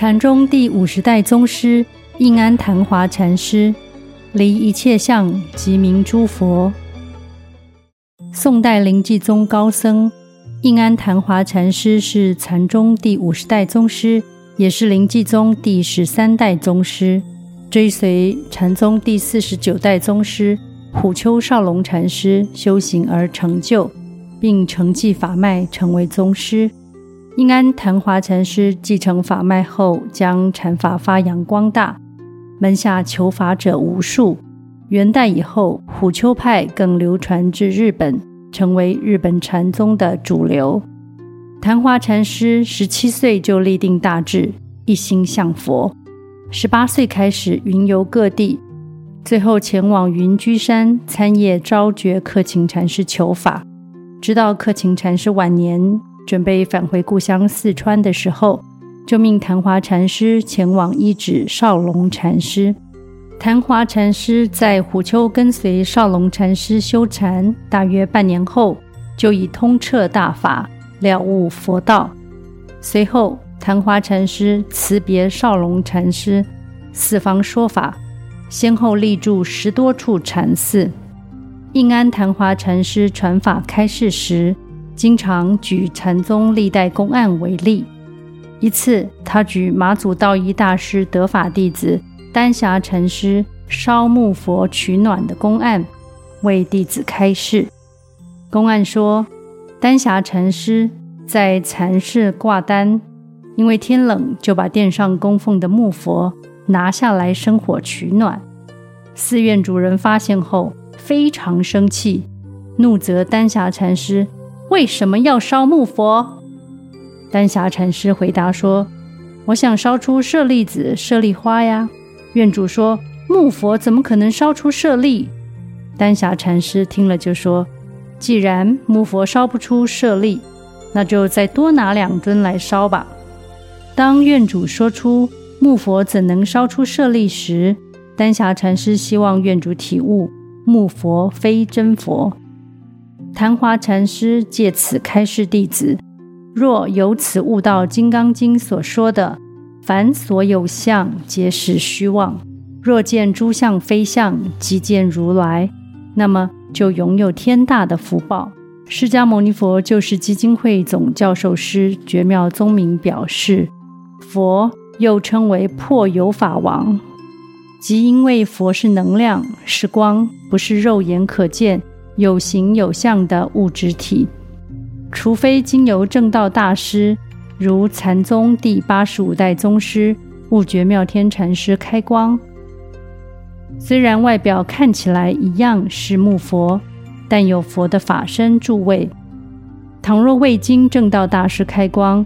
禪宗第五十代宗師應庵曇華禪師，離一切相即名諸佛。宋代臨濟宗高僧應庵曇華禪師是禪宗第五十代宗師，也是臨濟宗第十三代宗師，追隨禪宗第四十九代宗師虎丘紹隆禪師修行而成就，並承繼法脈成為宗師。應庵曇華禪師繼承法脈後，將禪法發揚光大，門下求法者無數。元代以後，虎丘派更流傳至日本，成為日本禪宗的主流。曇華禪師十七歲就立定大志，一心向佛。十八歲開始雲遊各地，最後前往雲居山參謁昭覺克勤禪師求法，直到克勤禪師晚年。準備返回故鄉四川的時候，就命曇華禪師前往依止紹隆禪師。曇華禪師在虎丘跟隨紹隆禪師修禪，大約半年後就已通徹大法，了悟佛道。隨後，曇華禪師辭別紹隆禪師，四方說法，先後立住十多處禪寺。應庵曇華禪師傳法開示時，經常舉禪宗歷代公案為例。一次，他舉馬祖道一大師得法弟子丹霞禪師燒木佛取暖的公案，為弟子開示。公案說，丹霞禪師在禪室掛單，因為天冷，就把殿上供奉的木佛拿下來生火取暖。寺院主人發現後，非常生氣，怒責丹霞禪師。為什麼要燒木佛？丹霞禪師回答說：“我想燒出舍利子、舍利花呀。”院主說：“木佛怎麼可能燒出舍利？”丹霞禪師聽了就說：“既然木佛燒不出舍利，那就再多拿兩尊來燒吧。”當院主說出木佛怎能燒出舍利時，丹霞禪師希望院主體悟木佛非真佛。曇華禪師借此開示弟子：若由此悟到《金剛經》所說的“凡所有相，皆是虛妄”，若見諸相非相，即見如來，那麼就擁有天大的福報。釋迦牟尼佛救世基金會總教授師，覺妙宗明表示，佛又稱為破有法王，即因為佛是能量，是光，不是肉眼可見。有形有相的物質體，除非經由正道大師，如禪宗第八十五代宗師悟覺妙天禪師開光。雖然外表看起來一樣是木佛，但有佛的法身助位。倘若未經正道大師開光，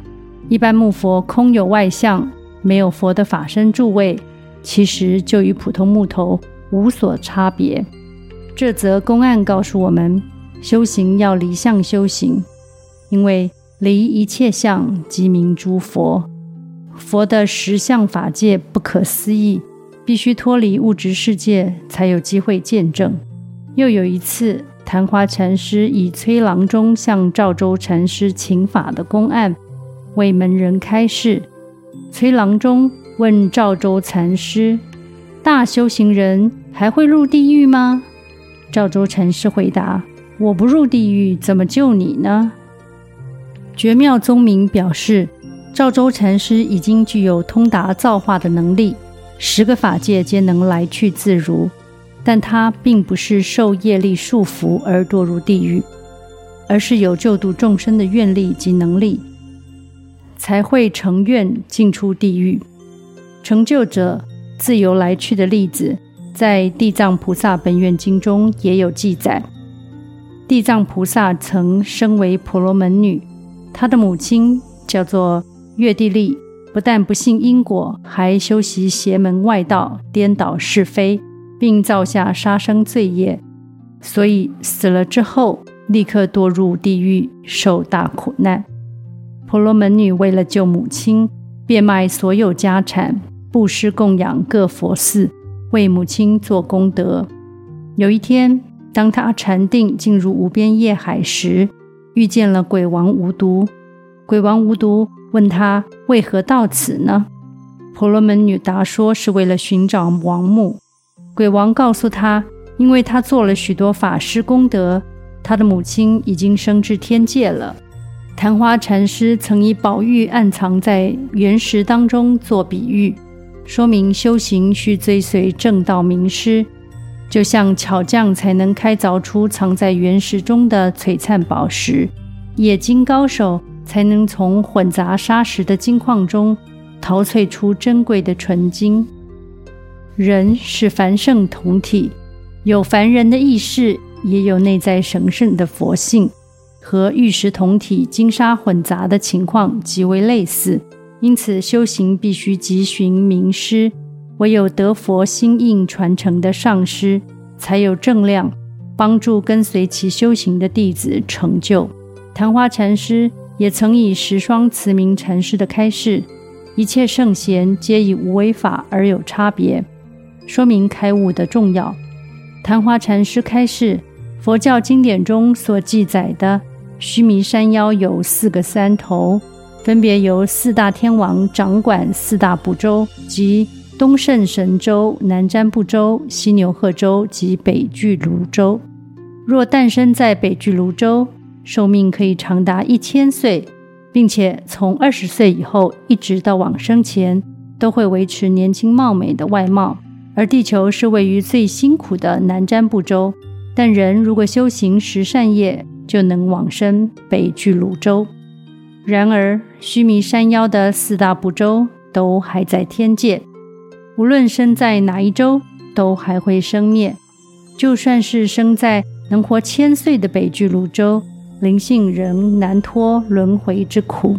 一般木佛空有外相，沒有佛的法身助位，其實就與普通木頭無所差別。這則公案告訴我們，修行要離相修行，因為離一切相即名諸佛。佛的實相法界不可思議，必須脫離物質世界才有機會見證。又有一次，曇華禪師以崔郎中向趙州禪師請法的公案為門人開示。崔郎中問趙州禪師：“大修行人還會入地獄嗎？”趙州禪師回答：“我不入地獄，怎麼救你呢？”覺妙宗明表示，趙州禪師已經具有通達造化的能力，十個法界皆能來去自如，但他並不是受業力束縛而墮入地獄，而是有救度眾生的願力及能力，才會乘願進出地獄，成就者自由來去的例子。在《地藏菩薩本願經》中也有記載，地藏菩薩曾身為婆羅門女，她的母親叫做悅帝利，不但不信因果，還修習邪門外道，顛倒是非，並造下殺生罪業，所以死了之後立刻墮入地獄，受大苦難。婆羅門女為了救母親，變賣所有家產，布施供養各佛寺。為母親做功德。有一天，當他禪定進入無邊夜海時，遇見了鬼王無毒。鬼王無毒問他為何到此呢？婆羅門女答說是為了尋找亡母。鬼王告訴他，因為他做了許多法師功德，他的母親已經升至天界了。曇華禪師曾以寶玉暗藏在原石當中做比喻。說明修行需追隨正道明師，就像巧匠才能開鑿出藏在原石中的璀璨寶石，冶金高手才能從混雜砂石的金礦中淘萃出珍貴的純金。人是凡聖同體，有凡人的意識，也有內在神聖的佛性，和玉石同體、金沙混雜的情況極為類似。因此，修行必須急尋名師，唯有得佛心印傳承的上師，才有正量，幫助跟隨其修行的弟子成就。曇華禪師也曾以石霜慈明禪師的開示：“一切聖賢皆以無為法而有差別”，說明開悟的重要。曇華禪師開示：佛教經典中所記載的，須彌山腰有四個山頭。分別由四大天王掌管四大部洲，即東勝神州、南瞻部洲、西牛賀洲及北俱蘆洲。若誕生在北俱蘆洲，壽命可以長達一千歲，並且從二十歲以後一直到往生前，都會維持年輕貌美的外貌。而地球是位於最辛苦的南瞻部洲，但人如果修行十善業，就能往生北俱蘆洲。然而，須彌山腰的四大部洲都還在天界，無論生在哪一洲，都還會生滅。就算是生在能活千歲的北俱盧洲，靈性仍難脫輪回之苦。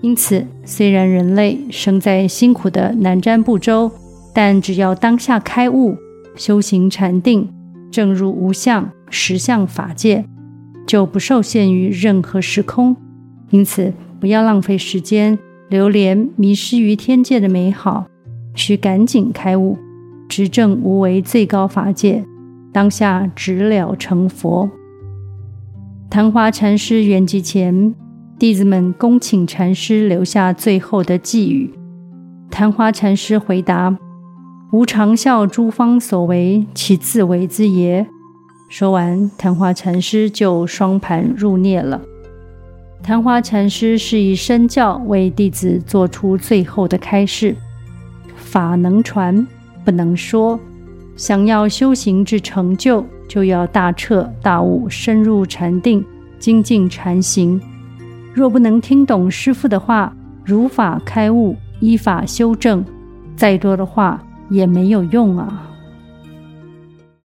因此，雖然人類生在辛苦的南瞻部洲，但只要當下開悟、修行禪定，證入無相實相法界，就不受限於任何時空。因此，不要浪費時間流連迷失於天界的美好，需趕緊開悟，直證無為最高法界，當下直了成佛。曇華禪師圓寂前，弟子們恭請禪師留下最後的寄語。曇華禪師回答：“吾常笑諸方所為，其自為之也。”說完，曇華禪師就雙盤入涅了。曇華禪師是以身教為弟子做出最後的開示。法能傳，不能說。想要修行至成就，就要大徹大悟，深入禪定，精進禪行。若不能聽懂師父的話，如法開悟，依法修正，再多的話也沒有用啊。